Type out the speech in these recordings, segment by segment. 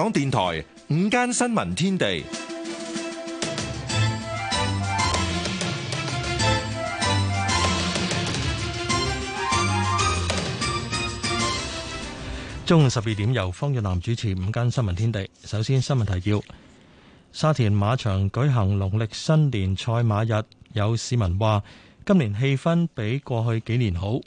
港電台午間新聞天地，中午十二點由方若男主持午間新聞天地。首先，新聞提要：沙田馬場舉行農曆新年賽馬日，有市民話今年氣氛比過去幾年好。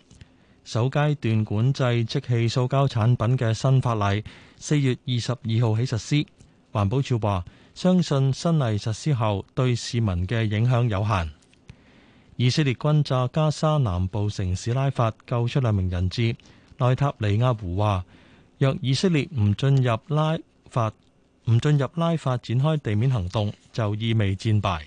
首階段管制即棄塑膠產品嘅新法例，四月二十二號起實施。環保署話，相信新例實施後對市民嘅影響有限。以色列軍炸加沙南部城市拉法，救出兩名人質。內塔尼亞胡話：若以色列唔進入拉法，唔進入拉法展開地面行動，就意味戰敗。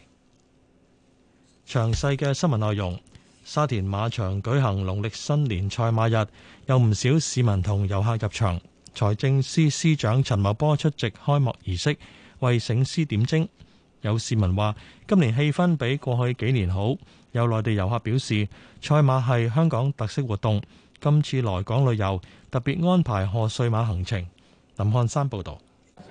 詳細嘅新聞內容。沙田馬場舉行農曆新年賽馬日，有唔少市民同遊客入場。財政司司長陳茂波出席開幕儀式，為醒獅點睛。有市民話：今年氣氛比過去幾年好。有內地遊客表示，賽馬係香港特色活動，今次來港旅遊特別安排賀歲馬行程。林漢山報道。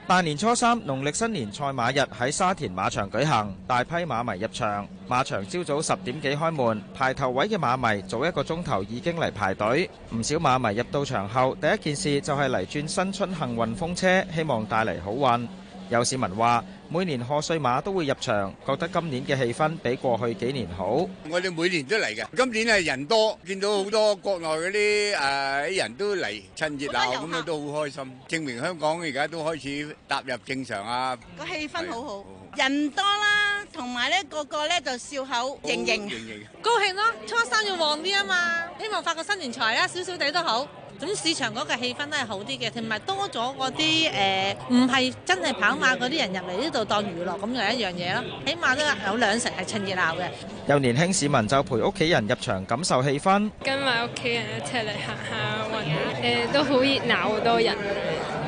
大年初三，農曆新年賽馬日喺沙田馬場舉行，大批馬迷入場。馬場朝早十點幾開門，排頭位嘅馬迷早一個鐘頭已經嚟排隊。唔少馬迷入到場後，第一件事就係嚟轉新春幸運風車，希望帶嚟好運。有市民話：每年賀歲馬都會入場，覺得今年嘅氣氛比過去幾年好。我哋每年都嚟嘅，今年係人多，見到好多國內嗰啲誒人都嚟，趁熱鬧咁樣都好開心，證明香港而家都開始踏入正常啊。個氣氛好，好好，人多啦，同埋咧個個咧就笑口盈盈，高興咯，初三要旺啲啊嘛，希望發個新年財啦，少少哋都好。咁市場嗰個氣氛都係好啲嘅，同埋多咗嗰啲誒，唔係真係跑馬嗰啲人入嚟呢度當娛樂，咁又係一樣嘢咯。起碼都有兩成係趁熱鬧嘅。有年輕市民就陪屋企人入場感受氣氛，跟埋屋企人一齊嚟行下，誒都好熱鬧，好多人。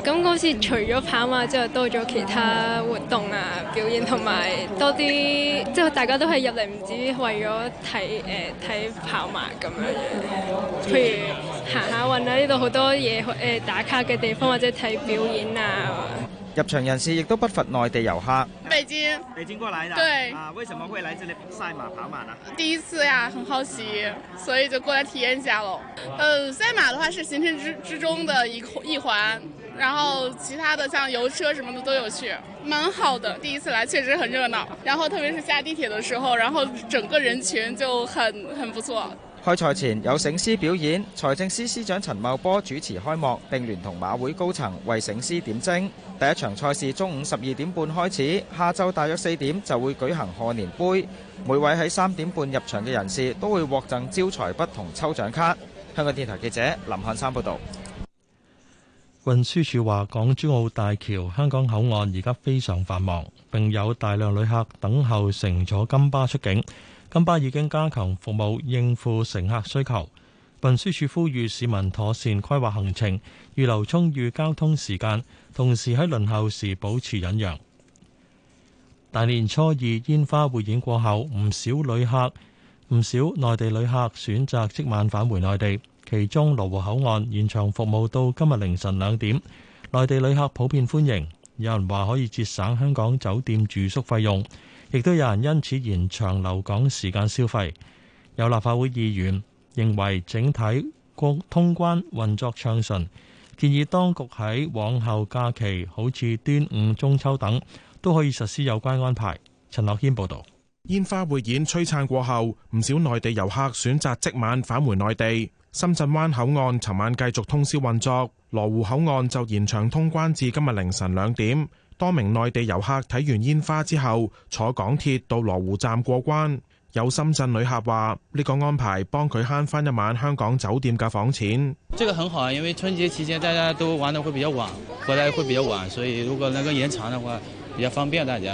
咁好似除咗跑馬，之後多咗其他活動啊，表演同埋多啲，即係大家都係入嚟唔止為咗睇誒睇跑馬咁樣，譬如行下運啊，呢度好多嘢誒、呃、打卡嘅地方，或者睇表演啊。入場人士亦都不乏內地遊客。北京。北京過嚟的。對。啊，為什麼會嚟這裡賽馬跑馬啊？第一次啊，很好奇，所以就過嚟體驗一下咯。誒、呃，賽馬的話是行程之之中嘅一一環。然後其他的像油車什麼的都有去，蠻好的。第一次來確實很熱鬧。然後特別是下地鐵的時候，然後整個人群就很很不錯。開賽前有醒獅表演，財政司司長陳茂波主持開幕，並聯同馬會高層為醒獅點睛。第一場賽事中午十二點半開始，下晝大約四點就會舉行賀年杯。每位喺三點半入場嘅人士都會獲贈招財筆同抽獎卡。香港電台記者林漢山報道。運輸署話，港珠澳大橋香港口岸而家非常繁忙，並有大量旅客等候乘坐金巴出境。金巴已經加強服務，應付乘客需求。運輸署呼籲市民妥善規劃行程，預留充裕交通時間，同時喺輪候時保持忍讓。大年初二煙花匯演過後，唔少旅客，唔少內地旅客選擇即晚返回內地。其中羅湖口岸延長服務到今日凌晨兩點，內地旅客普遍歡迎，有人話可以節省香港酒店住宿費用，亦都有人因此延長留港時間消費，有立法會議員認為整體國通關運作暢順，建議當局喺往後假期，好似端午、中秋等，都可以實施有關安排。陳樂謙報道，煙花匯演璀璨過後，唔少內地遊客選擇即晚返回內地。深圳灣口岸尋晚繼續通宵運作，羅湖口岸就延長通關至今日凌晨兩點。多名內地遊客睇完煙花之後，坐港鐵到羅湖站過關。有深圳旅客話：呢個安排幫佢慳翻一晚香港酒店嘅房錢。這個很好啊，因為春節期間大家都玩得會比較晚，回來會比較晚，所以如果能夠延長嘅話。比較方便大家。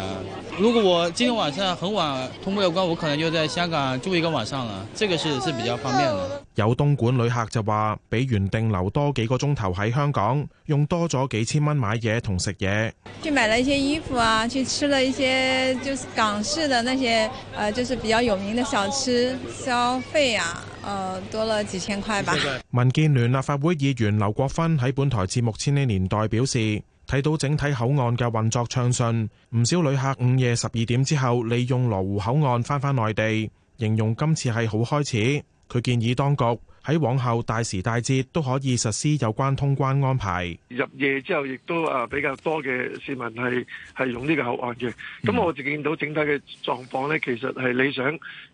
如果我今天晚上很晚通不了關，我可能就在香港住一個晚上了。這個是是比較方便的。有東莞旅客就話，比原定留多幾個鐘頭喺香港，用多咗幾千蚊買嘢同食嘢。去買了一些衣服啊，去吃了一些就是港式的那些，呃，就是比較有名的小吃消費啊，呃，多了幾千塊吧。謝謝。民建聯立法會議員劉國芬喺本台節目《千禧年代》表示。睇到整體口岸嘅運作暢順，唔少旅客午夜十二點之後利用羅湖口岸翻返內地，形容今次係好開始。佢建議當局喺往後大時大節都可以實施有關通關安排。入夜之後亦都啊，比較多嘅市民係係用呢個口岸嘅，咁我就見到整體嘅狀況咧，其實，係理想。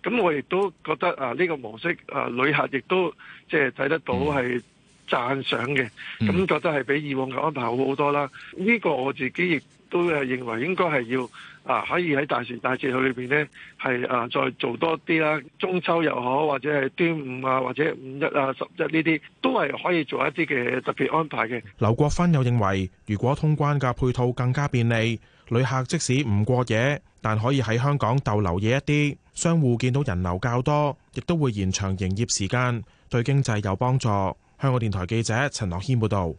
咁我亦都覺得啊呢個模式啊旅，呃、客亦都即係睇得到係。讚賞嘅，咁覺得係比以往嘅安排好好多啦。呢個我自己亦都係認為應該係要啊，可以喺大時大節裏面呢，係啊，再做多啲啦。中秋又好，或者係端午啊，或者五一啊、十一呢啲都係可以做一啲嘅特別安排嘅。劉國芬又認為，如果通關嘅配套更加便利，旅客即使唔過夜，但可以喺香港逗留夜一啲，商戶見到人流較多，亦都會延長營業時間，對經濟有幫助。香港電台記者陳樂謙報道，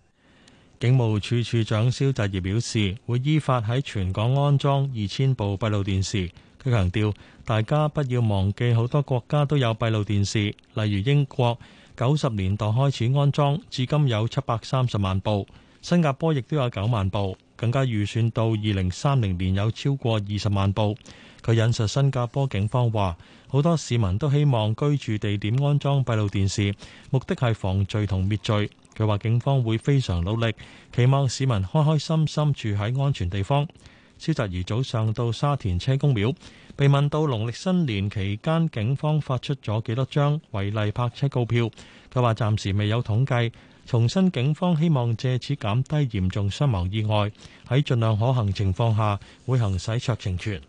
警務處處長蕭澤頤表示，會依法喺全港安裝二千部閉路電視。佢強調，大家不要忘記，好多國家都有閉路電視，例如英國九十年代開始安裝，至今有七百三十萬部；新加坡亦都有九萬部，更加預算到二零三零年有超過二十萬部。佢引述新加坡警方話：好多市民都希望居住地點安裝閉路電視，目的係防罪同滅罪。佢話警方會非常努力，期望市民開開心心住喺安全地方。蕭澤怡早上到沙田車公廟，被問到農曆新年期間警方發出咗幾多張違例泊車告票，佢話暫時未有統計。重申警方希望藉此減低嚴重傷亡意外，喺盡量可行情況下會行使酌情權。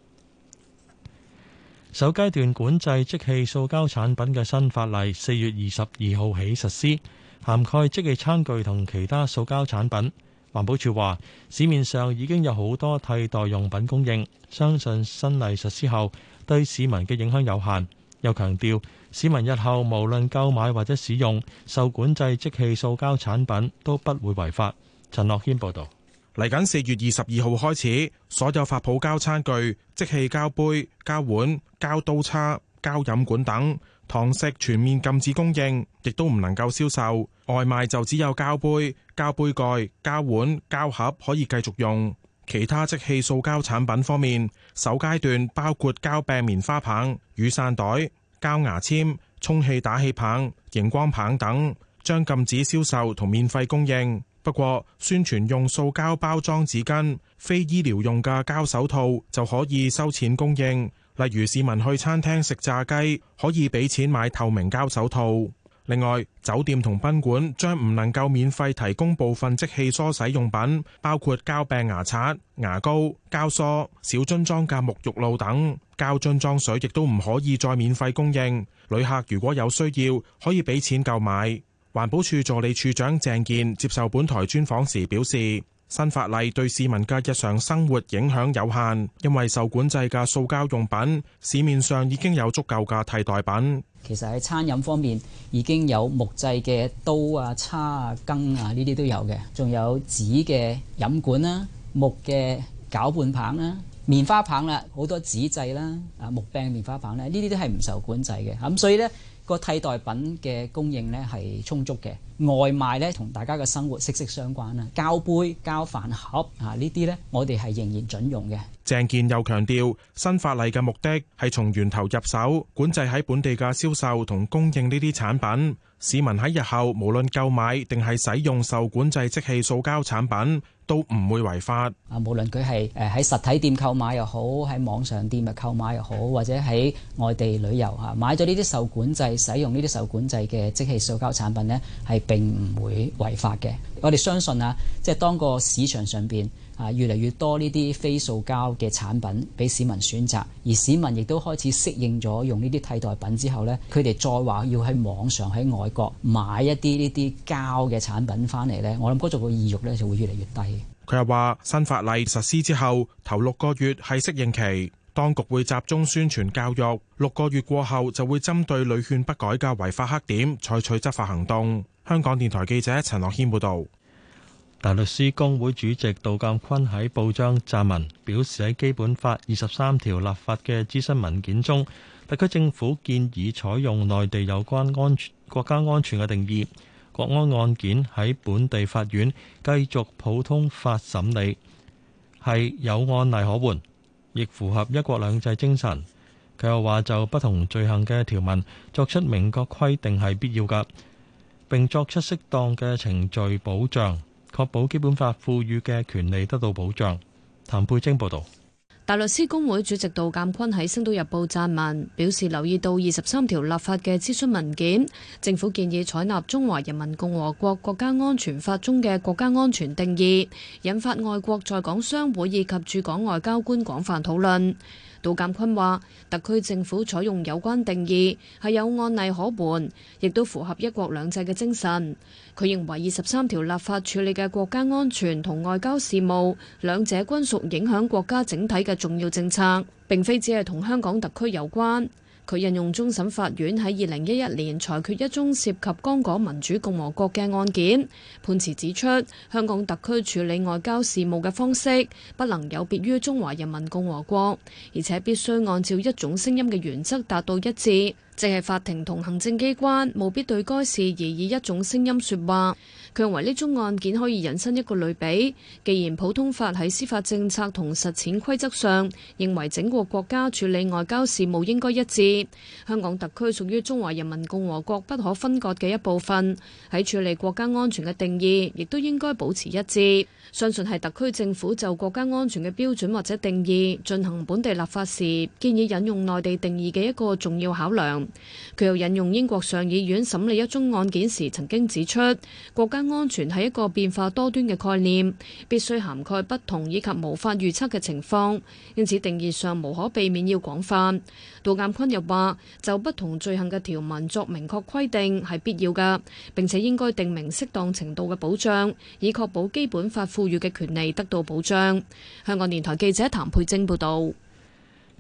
首階段管制即棄塑膠產品嘅新法例，四月二十二號起實施，涵蓋即棄餐具同其他塑膠產品。環保署話，市面上已經有好多替代用品供應，相信新例實施後對市民嘅影響有限。又強調，市民日後無論購買或者使用受管制即棄塑膠產品，都不會違法。陳樂軒報道。嚟緊四月二十二號開始，所有發泡膠餐具、即棄膠杯、膠碗、膠刀叉、膠飲管等，堂食全面禁止供應，亦都唔能夠銷售。外賣就只有膠杯、膠杯蓋、膠碗、膠盒可以繼續用。其他即棄塑膠產品方面，首階段包括膠柄棉花棒、雨傘袋、膠牙籤、充氣打氣棒、熒光棒等，將禁止銷售同免費供應。不過，宣傳用塑膠包裝紙巾、非醫療用嘅膠手套就可以收錢供應。例如市民去餐廳食炸雞，可以俾錢買透明膠手套。另外，酒店同賓館將唔能夠免費提供部分即棄梳洗用品，包括膠柄牙刷、牙膏、膠梳、小樽裝嘅沐浴露等。膠樽裝水亦都唔可以再免費供應。旅客如果有需要，可以俾錢購買。環保處助理處長鄭健接受本台專訪時表示，新法例對市民嘅日常生活影響有限，因為受管制嘅塑膠用品市面上已經有足夠嘅替代品。其實喺餐飲方面已經有木製嘅刀啊、叉啊、羹啊，呢啲都有嘅，仲有紙嘅飲管啦、木嘅攪拌棒啦、棉花棒啦，好多紙製啦、木柄棉花棒啊，呢啲都係唔受管制嘅。咁所以呢個替代品嘅供應咧係充足嘅，外賣咧同大家嘅生活息息相關啦。膠杯、膠飯盒啊，呢啲咧我哋係仍然準用嘅。鄭健又強調，新法例嘅目的係從源頭入手，管制喺本地嘅銷售同供應呢啲產品。市民喺日後無論購買定係使用受管制即棄塑膠產品，都唔會違法啊！無論佢係誒，喺實體店購買又好，喺網上店啊購買又好，或者喺外地旅遊嚇買咗呢啲受管制、使用呢啲受管制嘅即係塑膠產品呢，係並唔會違法嘅。我哋相信啊，即係當個市場上邊，啊，越嚟越多呢啲非塑膠嘅產品俾市民選擇，而市民亦都開始適應咗用呢啲替代品之後呢，佢哋再話要喺網上喺外國買一啲呢啲膠嘅產品翻嚟呢，我諗嗰種意欲呢就會越嚟越低。佢又話：新法例實施之後，頭六個月係適應期，當局會集中宣傳教育，六個月過後就會針對屢勸不改嘅違法黑點採取執法行動。香港電台記者陳樂軒報導。大律師公會主席杜鑒坤喺報章撰文表示，喺《基本法》二十三條立法嘅諮詢文件中，特區政府建議採用內地有關安全國家安全嘅定義，國安案件喺本地法院繼續普通法審理，係有案例可換，亦符合一國兩制精神。佢又話，就不同罪行嘅條文作出明確規定係必要㗎，並作出適當嘅程序保障，確保基本法賦予嘅權利得到保障。譚佩晶報導。大律師公會主席杜淦堃喺《星島日報》撰文表示，留意到二十三條立法嘅諮詢文件，政府建議採納中華人民共和國國家安全法中嘅國家安全定義，引發外國在港商會以及駐港外交官廣泛討論。杜鑑坤話，特區政府採用有關定義係有案例可援，亦都符合一國兩制嘅精神。佢認為二十三條立法處理嘅國家安全同外交事務，兩者均屬影響國家整體嘅重要政策，並非只係同香港特區有關。佢引用終審法院喺二零一一年裁決一宗涉及剛果民主共和國嘅案件，判詞指出，香港特區處理外交事務嘅方式不能有別於中華人民共和國，而且必須按照一種聲音嘅原則達到一致。淨係法庭同行政機關務必對該事而以一種聲音說話。佢認為呢宗案件可以引申一個類比，既然普通法喺司法政策同實踐規則上認為整個國家處理外交事務應該一致，香港特區屬於中華人民共和國不可分割嘅一部分，喺處理國家安全嘅定義亦都應該保持一致。相信係特區政府就國家安全嘅標準或者定義進行本地立法時，建議引用內地定義嘅一個重要考量。佢又引用英國上議院審理一宗案件時曾經指出，國家安全係一個變化多端嘅概念，必須涵蓋不同以及無法預測嘅情況，因此定義上無可避免要廣泛。杜淦坤又話：就不同罪行嘅條文作明確規定係必要嘅，並且應該定明適當程度嘅保障，以確保基本法賦予嘅權利得到保障。香港電台記者譚佩晶報道。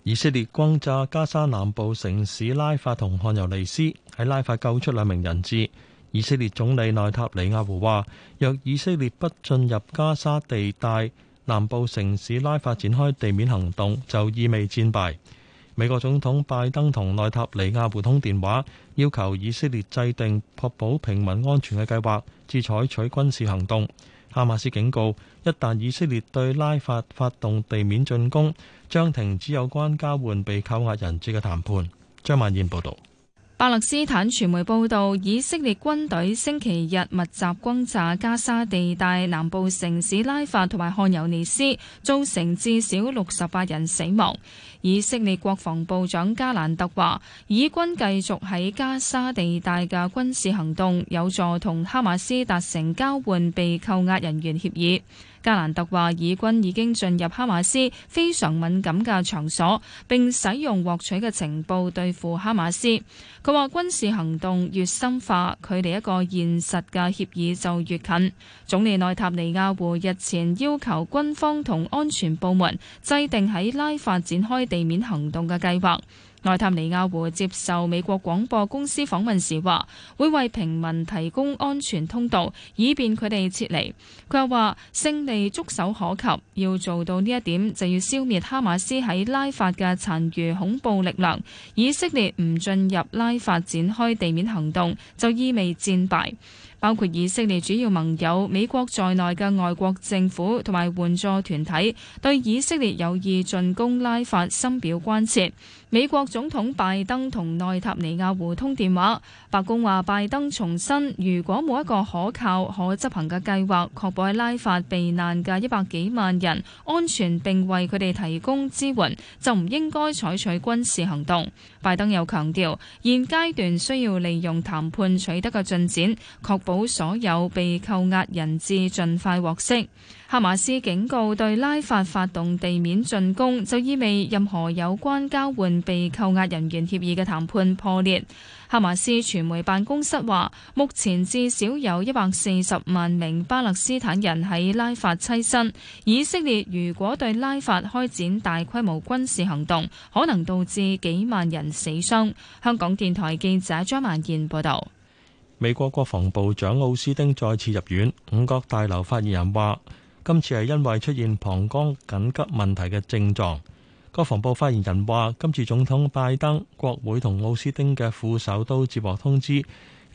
以色列轟炸加沙南部城市拉法同汗尤尼斯，喺拉法救出兩名人質。以色列總理內塔尼亞胡話：若以色列不進入加沙地帶南部城市拉法展開地面行動，就意味戰敗。美國總統拜登同內塔尼亞胡通電話，要求以色列制定確保平民安全嘅計劃，至採取軍事行動。哈馬斯警告：一旦以色列對拉法發動地面進攻，將停止有關交換被扣押人質嘅談判。張萬燕報道。巴勒斯坦傳媒報道，以色列軍隊星期日密集轟炸加沙地帶南部城市拉法同埋漢尤尼斯，造成至少六十八人死亡。以色列國防部長加蘭特話，以軍繼續喺加沙地帶嘅軍事行動有助同哈馬斯達成交換被扣押人員協議。加蘭特話，以軍已經進入哈馬斯非常敏感嘅場所，並使用獲取嘅情報對付哈馬斯。佢話軍事行動越深化，距離一個現實嘅協議就越近。總理內塔尼亞胡日前要求軍方同安全部門制定喺拉法展開地面行動嘅計劃，內塔尼亞胡接受美國廣播公司訪問時話，會為平民提供安全通道，以便佢哋撤離。佢又話：勝利觸手可及，要做到呢一點就要消滅哈馬斯喺拉法嘅殘餘恐怖力量。以色列唔進入拉法展開地面行動，就意味戰敗。包括以色列主要盟友美國在內嘅外國政府同埋援助團體，對以色列有意進攻拉法深表關切。美國總統拜登同內塔尼亞胡通電話，白宮話拜登重申，如果冇一個可靠、可執行嘅計劃，確保喺拉法避難嘅一百幾萬人安全，並為佢哋提供支援，就唔應該採取軍事行動。拜登又強調，現階段需要利用談判取得嘅進展，確保所有被扣押人質盡快獲釋。哈馬斯警告，對拉法發動地面進攻就意味任何有關交換被扣押人員協議嘅談判破裂。哈馬斯傳媒辦公室話：目前至少有一百四十萬名巴勒斯坦人喺拉法棲身。以色列如果對拉法開展大規模軍事行動，可能導致幾萬人死傷。香港電台記者張曼燕報道。美國國防部長奧斯汀再次入院，五角大樓發言人話，今次係因為出現膀胱緊急問題嘅症狀。國防部發言人話，今次總統拜登、國會同奧斯汀嘅副手都接獲通知，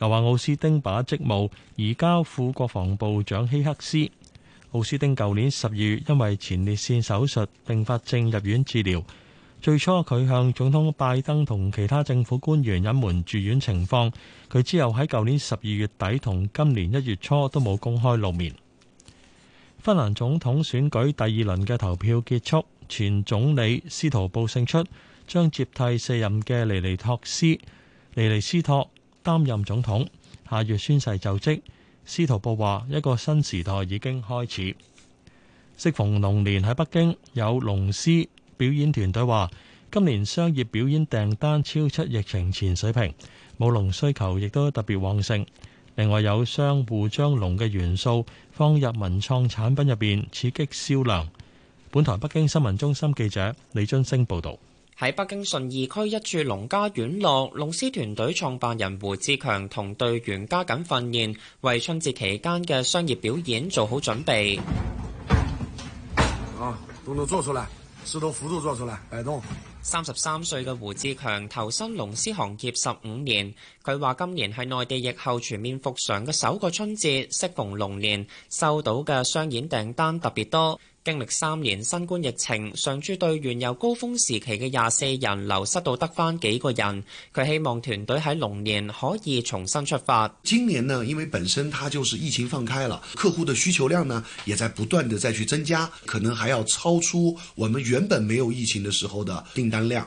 又話奧斯汀把職務移交副國防部長希克斯。奧斯汀舊年十二月因為前列腺手術併發症入院治療。最初佢向總統拜登同其他政府官員隱瞞住院情況，佢之後喺舊年十二月底同今年一月初都冇公開露面。芬蘭總統選舉第二輪嘅投票結束，前總理斯圖布勝出，將接替卸任嘅尼尼托斯尼尼斯托擔任總統，下月宣誓就職。斯圖布話：一個新時代已經開始。適逢龍年喺北京，有龍獅表演團隊話，今年商業表演訂單超出疫情前水平，舞龍需求亦都特別旺盛。另外有商戶將龍嘅元素放入文創產品入邊，刺激銷量。本台北京新聞中心記者李津星報道。喺北京順義區一處農家院落，龍獅團隊創辦人胡志強同隊員加緊訓練，為春節期間嘅商業表演做好準備，啊都做出來幅度做出來擺動。三十三歲嘅胡志強投身龍獅行業十五年，佢話今年係內地疫後全面復常嘅首個春節，適逢龍年，收到嘅商演訂單特別多。經歷三年新冠疫情，上注隊員由高峰時期嘅廿四人流失到得返幾個人。佢希望團隊喺龍年可以重新出發。今年呢，因為本身它就是疫情放開了，客戶的需求量呢，也在不斷地再去增加，可能還要超出我們原本沒有疫情的時候的訂單量。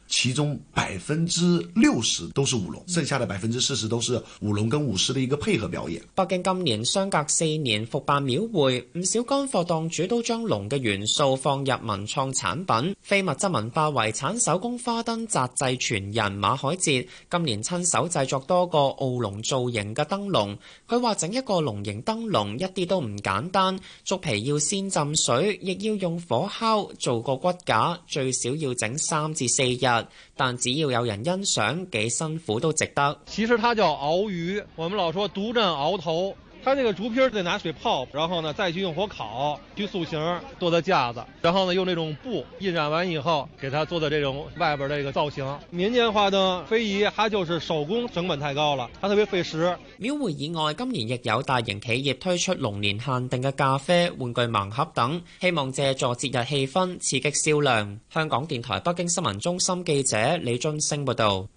其中百分之六十都是舞龍，剩下的百分之四十都是舞龍跟舞獅的一個配合表演。北京今年相隔四年復辦廟會，唔少乾貨檔主都將龍嘅元素放入文創產品。非物質文化遺產手工花燈紮製傳人馬海哲今年親手製作多個澳龍造型嘅燈籠，佢話整一個龍形燈籠一啲都唔簡單，竹皮要先浸水，亦要用火烤做個骨架，最少要整三至四日。但只要有人欣賞，幾辛苦都值得。其實它叫鰲魚，我們老說獨占鰲頭。它這個竹坯兒得拿水泡，然後呢再去用火烤，去塑形，做的架子，然後呢用那種布印染完以後，給它做的這種外邊兒這個造型。民間花燈非遺，它就是手工成本太高了，它特別費時。廟會以外，今年亦有大型企業推出龍年限定嘅咖啡、玩具盲盒等，希望借助節日氣氛刺激銷量。香港電台北京新聞中心記者李俊星報道。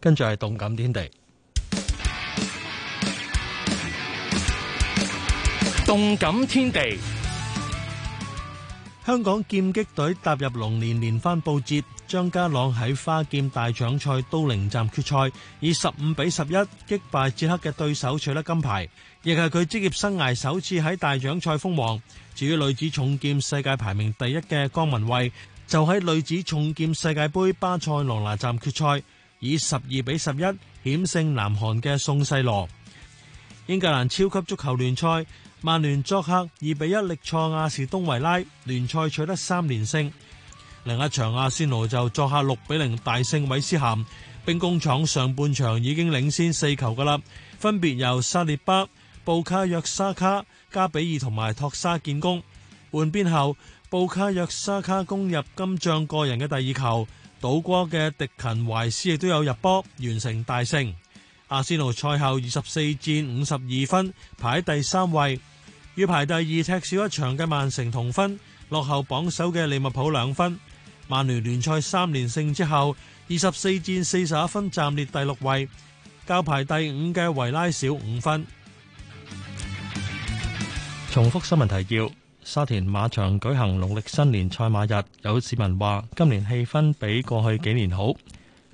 跟住係動感天地。動感天地，香港劍擊隊踏入龍年連番報捷。張家朗喺花劍大獎賽都靈站決賽以十五比十一擊敗捷克嘅對手，取得金牌，亦係佢職業生涯首次喺大獎賽封王。至於女子重劍世界排名第一嘅江旻憓，就喺女子重劍世界杯巴塞羅那站決賽以十二比十一險勝南韓嘅宋世羅。英格蘭超級足球聯賽。曼聯作客二比一力挫亞士東維拉，聯賽取得三連勝。另一場阿仙奴就作客六比零大勝韋斯咸，兵工廠上半場已經領先四球㗎喇，分別由沙列巴、布卡約沙卡、加比爾同埋托沙建功。換邊後，布卡約沙卡攻入今仗個人嘅第二球，倒戈嘅迪勤懷斯亦都有入波，完成大勝。阿仙奴賽後二十四戰五十二分排第三位，要排第二踢少一場嘅曼城同分，落後榜首嘅利物浦兩分。曼聯聯賽三連勝之後，二十四戰四十一分暫列第六位，較排第五嘅維拉少五分。重複新聞提要：沙田馬場舉行農曆新年賽馬日，有市民話今年氣氛比過去幾年好。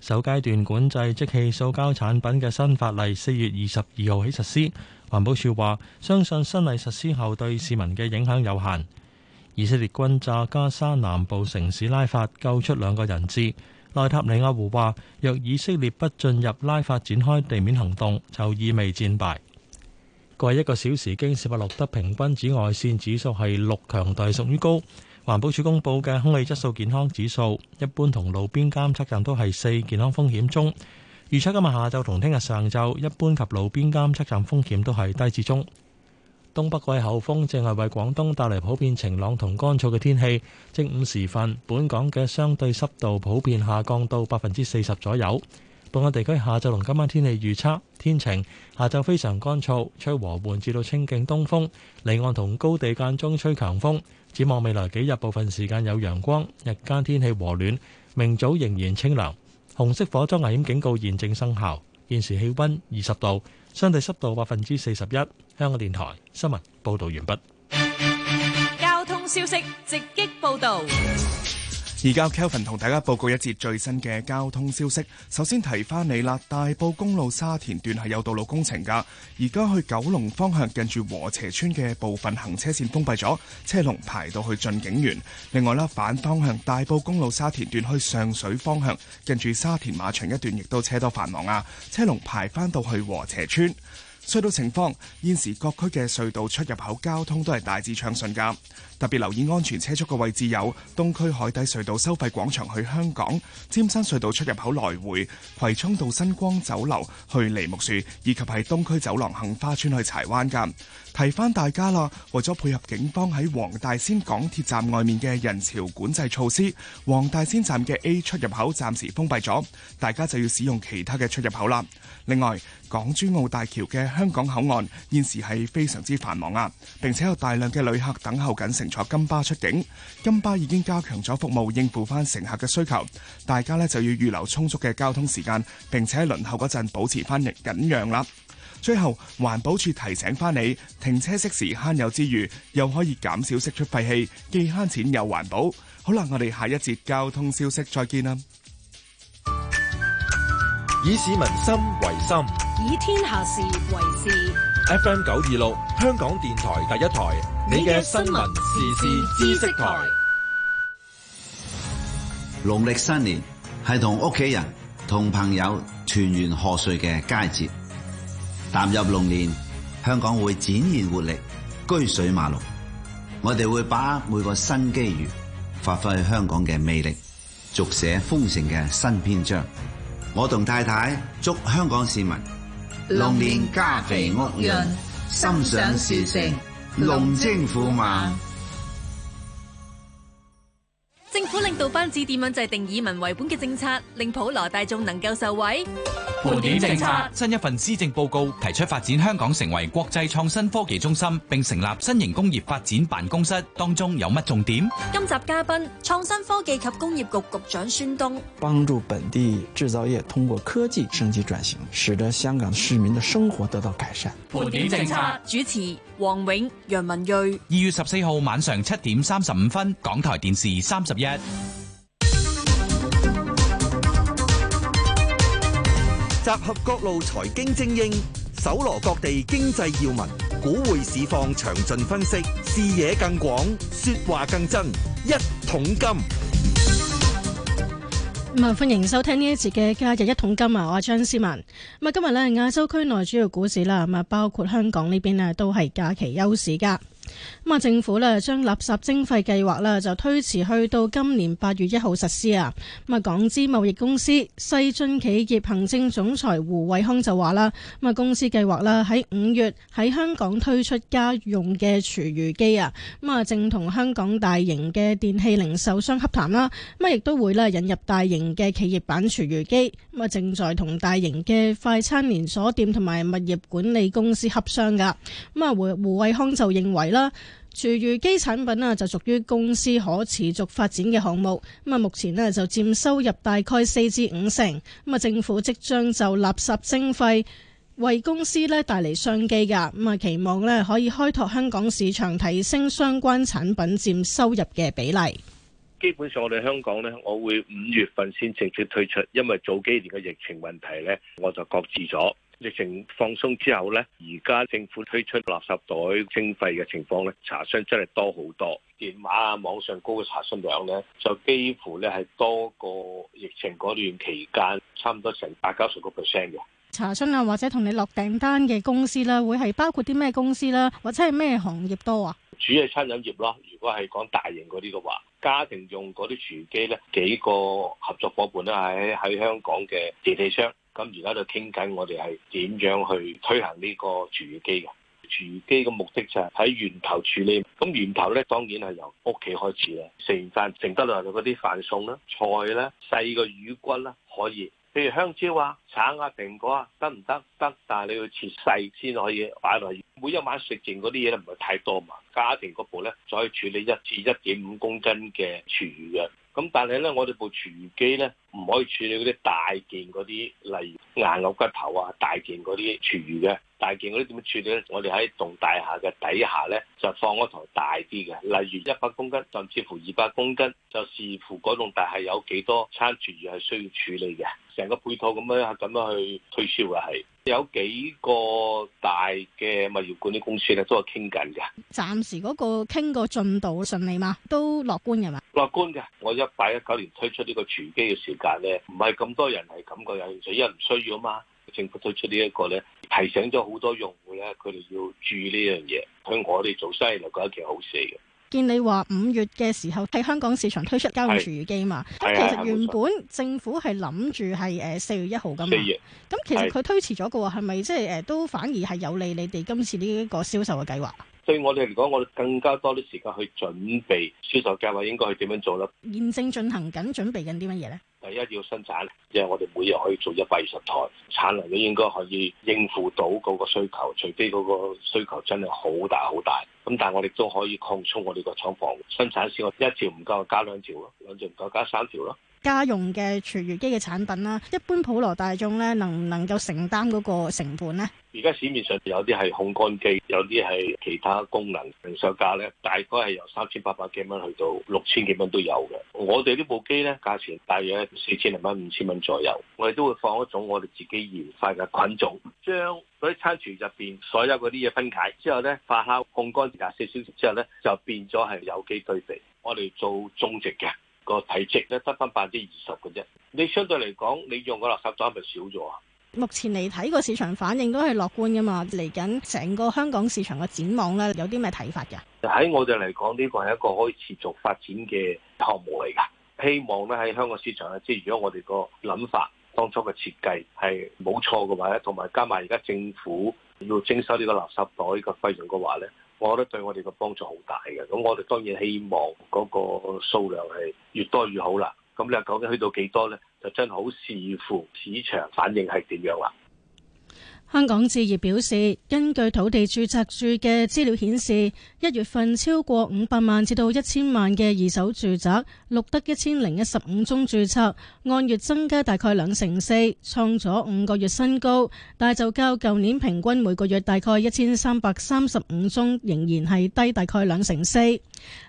首階段管制即棄塑膠產品嘅新法例，四月二十二號起實施。環保署話，相信新例實施後對市民嘅影響有限。以色列軍炸加沙南部城市拉法，救出兩個人質。內塔尼亞胡話，若以色列不進入拉法展開地面行動，就意味戰敗。過去一個小時，京士柏錄得平均紫外線指數係六，強度屬於高。環保署公布嘅空氣質素健康指數，一般同路邊監測站都係四，健康風險中。預測今日下晝同聽日上晝，一般及路邊監測站風險都係低至中。東北季候風正係為廣東帶嚟普遍晴朗同乾燥嘅天氣。正午時分，本港嘅相對濕度普遍下降到百分之四十左右。本港地區下晝同今晚天氣預測：天晴，下晝非常乾燥，吹和緩至到清勁東風，離岸同高地間中吹強風。展望未來幾日，部分時間有陽光，日間天氣和暖，明早仍然清涼。紅色火災危險警告現正生效。現時氣溫二十度，相對濕度百分之四十一。香港電台新聞報道完畢。交通消息直擊報道。而家 Kelvin 同大家報告一節最新嘅交通消息。首先提翻你啦，大埔公路沙田段係有道路工程噶。而家去九龍方向，近住和斜村嘅部分行車線封閉咗，車龍排到去駿景園。另外啦，反方向大埔公路沙田段去上水方向，近住沙田馬場一段亦都車多繁忙啊，車龍排翻到去和斜村。隧道情況，現時各區嘅隧道出入口交通都係大致暢順噶。特別留意安全車速嘅位置有東區海底隧道收費廣場去香港、尖山隧道出入口來回、葵涌道新光酒樓去梨木樹，以及係東區走廊杏花村去柴灣噶。提翻大家啦，為咗配合警方喺黃大仙港鐵站外面嘅人潮管制措施，黃大仙站嘅 A 出入口暫時封閉咗，大家就要使用其他嘅出入口啦。另外，港珠澳大橋嘅香港口岸現時係非常之繁忙啊，並且有大量嘅旅客等候緊乘。坐金巴出境，金巴已經加強咗服務應付翻乘客嘅需求。大家呢就要預留充足嘅交通時間，並且輪候嗰陣保持翻緊樣啦。最後環保署提醒翻你，停車熄匙慳油之餘，又可以減少釋出廢氣，既慳錢又環保。好啦，我哋下一節交通消息再見啦！以市民心為心，以天下事為事。FM 九二六，香港電台，第一台，你嘅新聞時事知識台。農曆新年係同屋企人、同朋友團圓賀歲嘅佳節。踏入龍年，香港會展現活力，居水馬龍。我哋會把握每個新機遇，發揮香港嘅魅力，續寫豐盛嘅新篇章。我同太太祝香港市民。龍年家肥屋潤，心想事成，龍精虎猛。虎政府領導班子點樣制定以民為本嘅政策，令普羅大眾能夠受惠？盤點政策，新一份施政報告提出發展香港成為國際創新科技中心，並成立新型工業發展辦公室，當中有乜重點？今集嘉賓，創新科技及工業局局長孫東，幫助本地製造業通過科技升級轉型，使得香港市民的生活得到改善。盤點政策，主持黃永楊文睿。二月十四號晚上七點三十五分，港台電視三十一。集合各路財經精英，搜羅各地經濟要聞，股匯市況詳盡分析，視野更廣，說話更真。一桶金，咁啊，歡迎收聽呢一節嘅假日一桶金啊！我係張思文，咁啊，今日咧亞洲區內主要股市啦，咁啊，包括香港呢邊咧都係假期休市噶。咁啊，政府咧，將垃圾徵費計劃啦就推遲去到今年八月一號實施啊。咁啊，港資貿易公司西津企業行政總裁胡偉康就話啦，咁啊，公司計劃啦喺五月喺香港推出家用嘅廚餘機啊。咁啊，正同香港大型嘅電器零售商洽談啦。咁亦都會咧，引入大型嘅企業版廚餘機。咁啊，正在同大型嘅快餐連鎖店同埋物業管理公司洽商噶。咁啊，胡胡偉康就認為啦。廚餘機產品咧就屬於公司可持續發展嘅項目，咁啊，目前咧就佔收入大概四至五成，咁啊，政府即將就垃圾徵費為公司咧帶嚟商機噶，咁啊，期望咧可以開拓香港市場，提升相關產品佔收入嘅比例。基本上我哋香港咧，我會五月份先直接推出，因為早幾年嘅疫情問題咧，我就擱置咗。疫情放鬆之後咧，而家政府推出垃圾袋徵費嘅情況咧，查詢真係多好多電話啊、網上高嘅查詢量咧，就幾乎咧係多過疫情嗰段期間，差唔多成八九十個 percent 嘅查詢啊，或者同你落訂單嘅公司呢，會係包括啲咩公司啦，或者係咩行業多啊？主要係餐飲業咯，如果係講大型嗰啲嘅話，家庭用嗰啲廚機咧，幾個合作伙伴咧喺喺香港嘅電器商。咁而家就傾緊，我哋係點樣去推行呢個廚餘機嘅？廚餘機嘅目的就係喺源頭處理。咁源頭咧，當然係由屋企開始啦。食完飯剩得落嚟嗰啲飯餸啦、菜啦、細個魚骨啦，可以，譬如香蕉啊、橙啊、蘋果啊，得唔得？得，但係你要切細先可以擺落去。每一晚食剩嗰啲嘢咧，唔係太多嘛。家庭嗰部咧，就可以處理一至一點五公斤嘅廚餘嘅。咁但係咧，我哋部廚餘機咧，唔可以處理嗰啲大件嗰啲，例如硬牛骨頭啊、大件嗰啲廚餘嘅。大件嗰啲點樣處理咧？我哋喺棟大廈嘅底下咧，就放咗台大啲嘅，例如一百公斤，甚至乎二百公斤，就視乎嗰棟大廈有幾多餐廚餘係需要處理嘅。成個配套咁樣咁樣去推銷嘅係。有幾個大嘅物業管理公司咧，都係傾緊嘅。暫時嗰個傾個進度順利嘛，都樂觀嘅嘛。樂觀嘅。我一八一九年推出呢個廚機嘅時間咧，唔係咁多人係感覺有興趣，因為唔需要啊嘛。政府推出這呢一個咧，提醒咗好多用戶咧，佢哋要注意呢樣嘢。喺我哋做生意嚟講，其實好事。嘅。見你話五月嘅時候喺香港市場推出家用廚餘機嘛？咁其實原本政府係諗住係誒四月一號㗎嘛。咁其實佢推遲咗嘅喎，係咪即係誒都反而係有利你哋今次呢一個銷售嘅計劃？對我哋嚟講，我哋更加多啲時間去準備銷售計劃，應該去點樣做咧？現正進行緊，準備緊啲乜嘢咧？第一要生產，因為,我哋每日可以做一百二十台，產量咧應該可以應付到嗰個需求，除非嗰個需求真係好大好大。咁但係我哋都可以擴充我哋個廠房生產線。我一條唔夠加兩條咯，兩條唔夠加三條咯。家用嘅廚餘機嘅產品啦，一般普羅大眾咧能唔能夠承擔嗰個成本咧？而家市面上有啲係烘乾機，有啲係其他功能零售價咧，價大概係由三千八百幾蚊去到六千幾蚊都有嘅。我哋呢部機咧，價錢大約四千零蚊、五千蚊左右。我哋都會放一種我哋自己研發嘅菌種，將嗰啲餐廚入邊所有嗰啲嘢分解之後咧，發酵烘乾廿四小時之後咧，就變咗係有機堆肥。我哋做種植嘅。個體積咧，得翻百分之二十嘅啫。你相對嚟講，你用個垃圾袋係咪少咗啊？目前嚟睇個市場反應都係樂觀噶嘛。嚟緊成個香港市場嘅展望咧，有啲咩睇法噶？喺我哋嚟講，呢個係一個可以持續發展嘅項目嚟噶。希望咧喺香港市場咧，即係如果我哋個諗法當初嘅設計係冇錯嘅話咧，同埋加埋而家政府要徵收呢個垃圾袋個費用嘅話咧。我覺得對我哋個幫助好大嘅，咁我哋當然希望嗰個數量係越多越好啦。咁你講緊去到幾多呢？就真係好視乎市場反應係點樣啦。香港置業表示，根據土地註冊處嘅資料顯示，一月份超過五百萬至到一千萬嘅二手住宅錄得一千零一十五宗註冊，按月增加大概兩成四，創咗五個月新高。但就較舊年平均每個月大概一千三百三十五宗，仍然係低大概兩成四。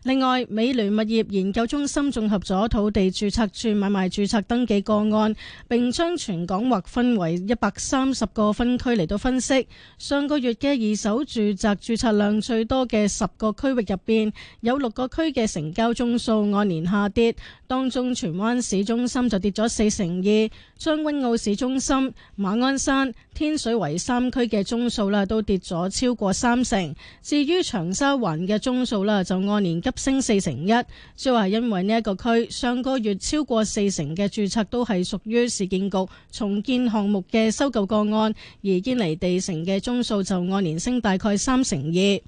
另外，美聯物業研究中心綜合咗土地註冊處買賣註冊登記個案，並將全港劃分為一百三十個分區。嚟到分析上個月嘅二手住宅注冊量最多嘅十個區域入邊，有六個區嘅成交宗數按年下跌，當中荃灣市中心就跌咗四成二，將軍澳市中心、馬鞍山、天水圍三區嘅宗數呢都跌咗超過三成。至於長沙灣嘅宗數呢就按年急升四成一，主要係因為呢一個區上個月超過四成嘅注冊都係屬於市建局重建項目嘅收購個案，而堅尼地城嘅宗數就按年升大概三成二。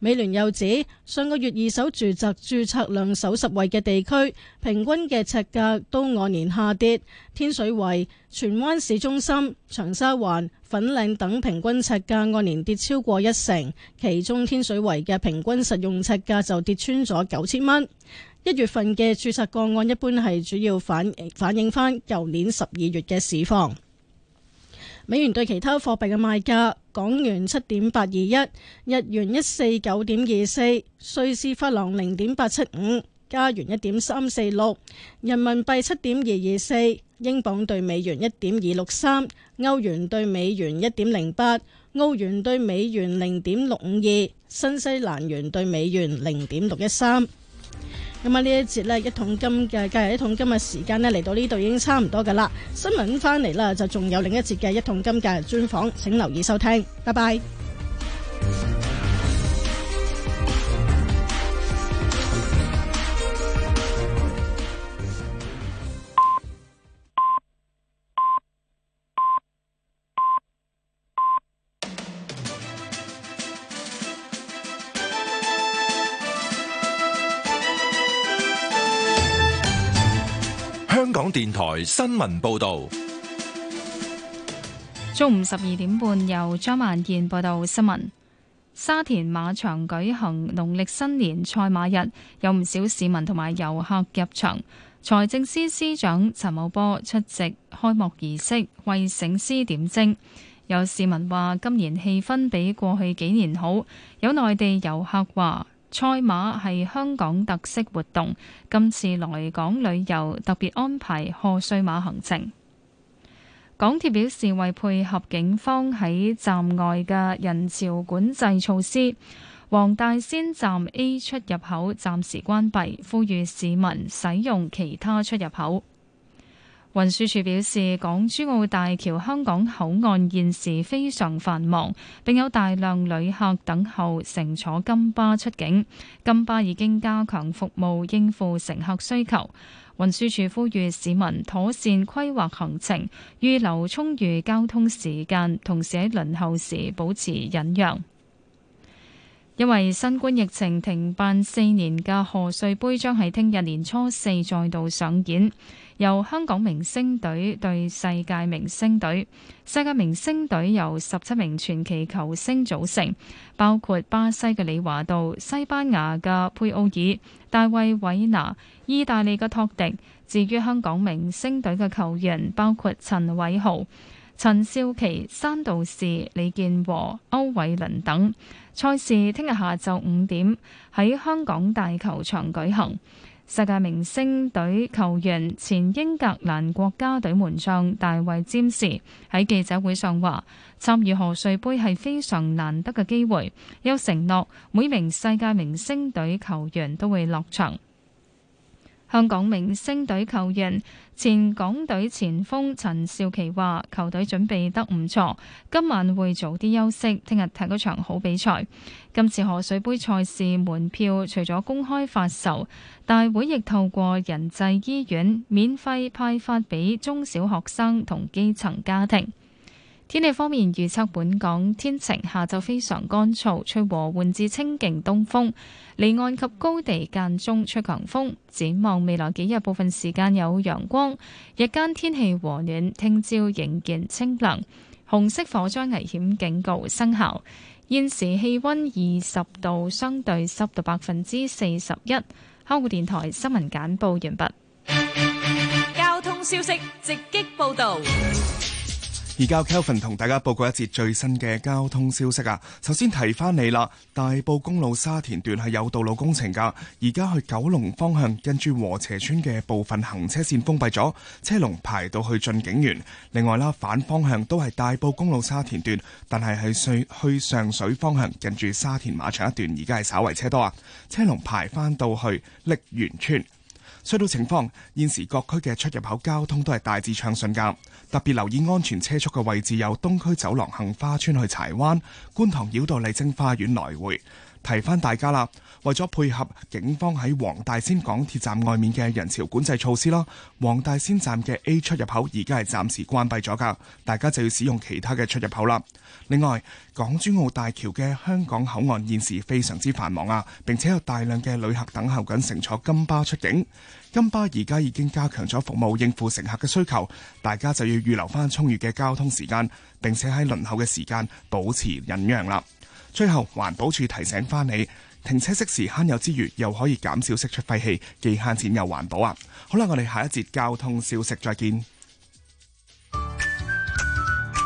美聯又指，上個月二手住宅注冊量首十位嘅地區，平均嘅尺價都按年下跌。天水圍、荃灣市中心、長沙灣、粉嶺等平均尺價按年跌超過一成，其中天水圍嘅平均實用尺價就跌穿咗九千蚊。一月份嘅注冊個案一般係主要反映反映翻舊年十二月嘅市況。美元對其他貨幣嘅賣價：港元七點八二一，日元一四九點二四，瑞士法郎零點八七五，加元一點三四六，人民幣七點二二四，英鎊對美元一點二六三，歐元對美元一點零八，澳元對美元零點六五二，新西蘭元對美元零點六一三。咁啊，呢一節咧一桶金嘅，假日一桶金嘅時間咧嚟到呢度已經差唔多㗎啦。新聞返嚟啦，就仲有另一節嘅一桶金假日專訪，請留意收聽。拜拜。電台新聞報道：中午十二點半，由張萬燕報道新聞。沙田馬場舉行農曆新年賽馬日，有唔少市民同埋遊客入場。財政司司長陳茂波出席開幕儀式，為醒獅點睛。有市民話：今年氣氛比過去幾年好。有內地遊客話。賽馬係香港特色活動，今次來港旅遊特別安排賀歲馬行程。港鐵表示，為配合警方喺站外嘅人潮管制措施，黃大仙站 A 出入口暫時關閉，呼籲市民使用其他出入口。運輸署表示，港珠澳大橋香港口岸現時非常繁忙，並有大量旅客等候乘坐金巴出境。金巴已經加強服務，應付乘客需求。運輸署呼籲市民妥善規劃行程，預留充裕交通時間，同時喺輪候時保持忍讓。因為新冠疫情停辦四年嘅賀歲盃，將喺聽日年初四再度上演。由香港明星隊對世界明星隊，世界明星隊由十七名傳奇球星組成，包括巴西嘅李華道、西班牙嘅佩奧爾、大衛韋拿、意大利嘅托迪。至於香港明星隊嘅球員，包括陳偉豪、陳少琪、山道士、李健和、歐偉倫等。賽事聽日下晝五點喺香港大球場舉行。世界明星隊球員、前英格蘭國家隊門將大衛·占士喺記者會上話：參與賀歲盃係非常難得嘅機會，有承諾每名世界明星隊球員都會落場。香港明星隊球員、前港隊前鋒陳肇麒話：球隊準備得唔錯，今晚會早啲休息，聽日踢嗰場好比賽。今次賀歲盃賽事門票除咗公開發售，大會亦透過仁濟醫院免費派發俾中小學生同基層家庭。天氣方面預測本港天晴，下晝非常乾燥，吹和緩至清勁東風，離岸及高地間中出強風。展望未來幾日部分時間有陽光，日間天氣和暖，聽朝仍然清涼。紅色火災危險警告生效。現時氣温二十度，相對濕度百分之四十一。香港電台新聞簡報完畢。交通消息直擊報導。而家 Kelvin 同大家報告一節最新嘅交通消息啊！首先提翻你啦，大埔公路沙田段係有道路工程噶，而家去九龍方向，跟住禾輋村嘅部分行車線封閉咗，車龍排到去駿景園。另外啦、啊，反方向都係大埔公路沙田段，但係係去上水方向，跟住沙田馬場一段，而家係稍為車多啊，車龍排翻到去瀝源村。隧道情況，現時各區嘅出入口交通都係大致暢順噶特別留意安全車速嘅位置有東區走廊杏花村去柴灣、觀塘繞道麗晶花園來回。提翻大家啦，為咗配合警方喺黃大仙港鐵站外面嘅人潮管制措施啦，黃大仙站嘅 A 出入口而家係暫時關閉咗噶大家就要使用其他嘅出入口啦。另外，港珠澳大橋嘅香港口岸現時非常之繁忙啊，並且有大量嘅旅客等候緊乘坐金巴出境。金巴而家已經加強咗服務，應付乘客嘅需求。大家就要預留翻充裕嘅交通時間，並且喺輪候嘅時間保持忍讓啦。最後，環保署提醒翻你：停車熄匙慳油之餘，又可以減少釋出廢氣，既慳錢又環保啊！好啦，我哋下一節交通消息再見。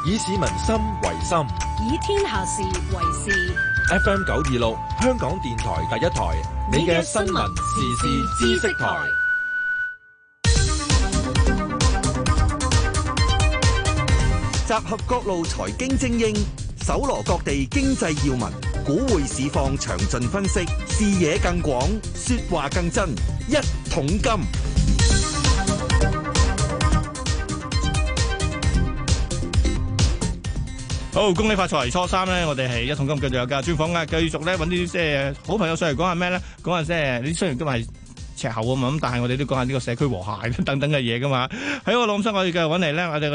以市民心為心，以天下事為事。FM 九二六，香港電台第一台，你嘅新聞時事知識台，集合各路財經精英，搜羅各地經濟要聞，股匯市況詳盡分析，視野更廣，說話更真，一桶金。好，恭喜發財！初三咧，我哋係一同噉繼續有噶專訪啊，繼續咧揾啲即係好朋友上嚟講下咩咧，講下即係你雖然今日係赤口啊嘛，咁但係我哋都講下呢個社區和諧等等嘅嘢噶嘛。喺我老闆，我哋繼續揾嚟咧，我哋。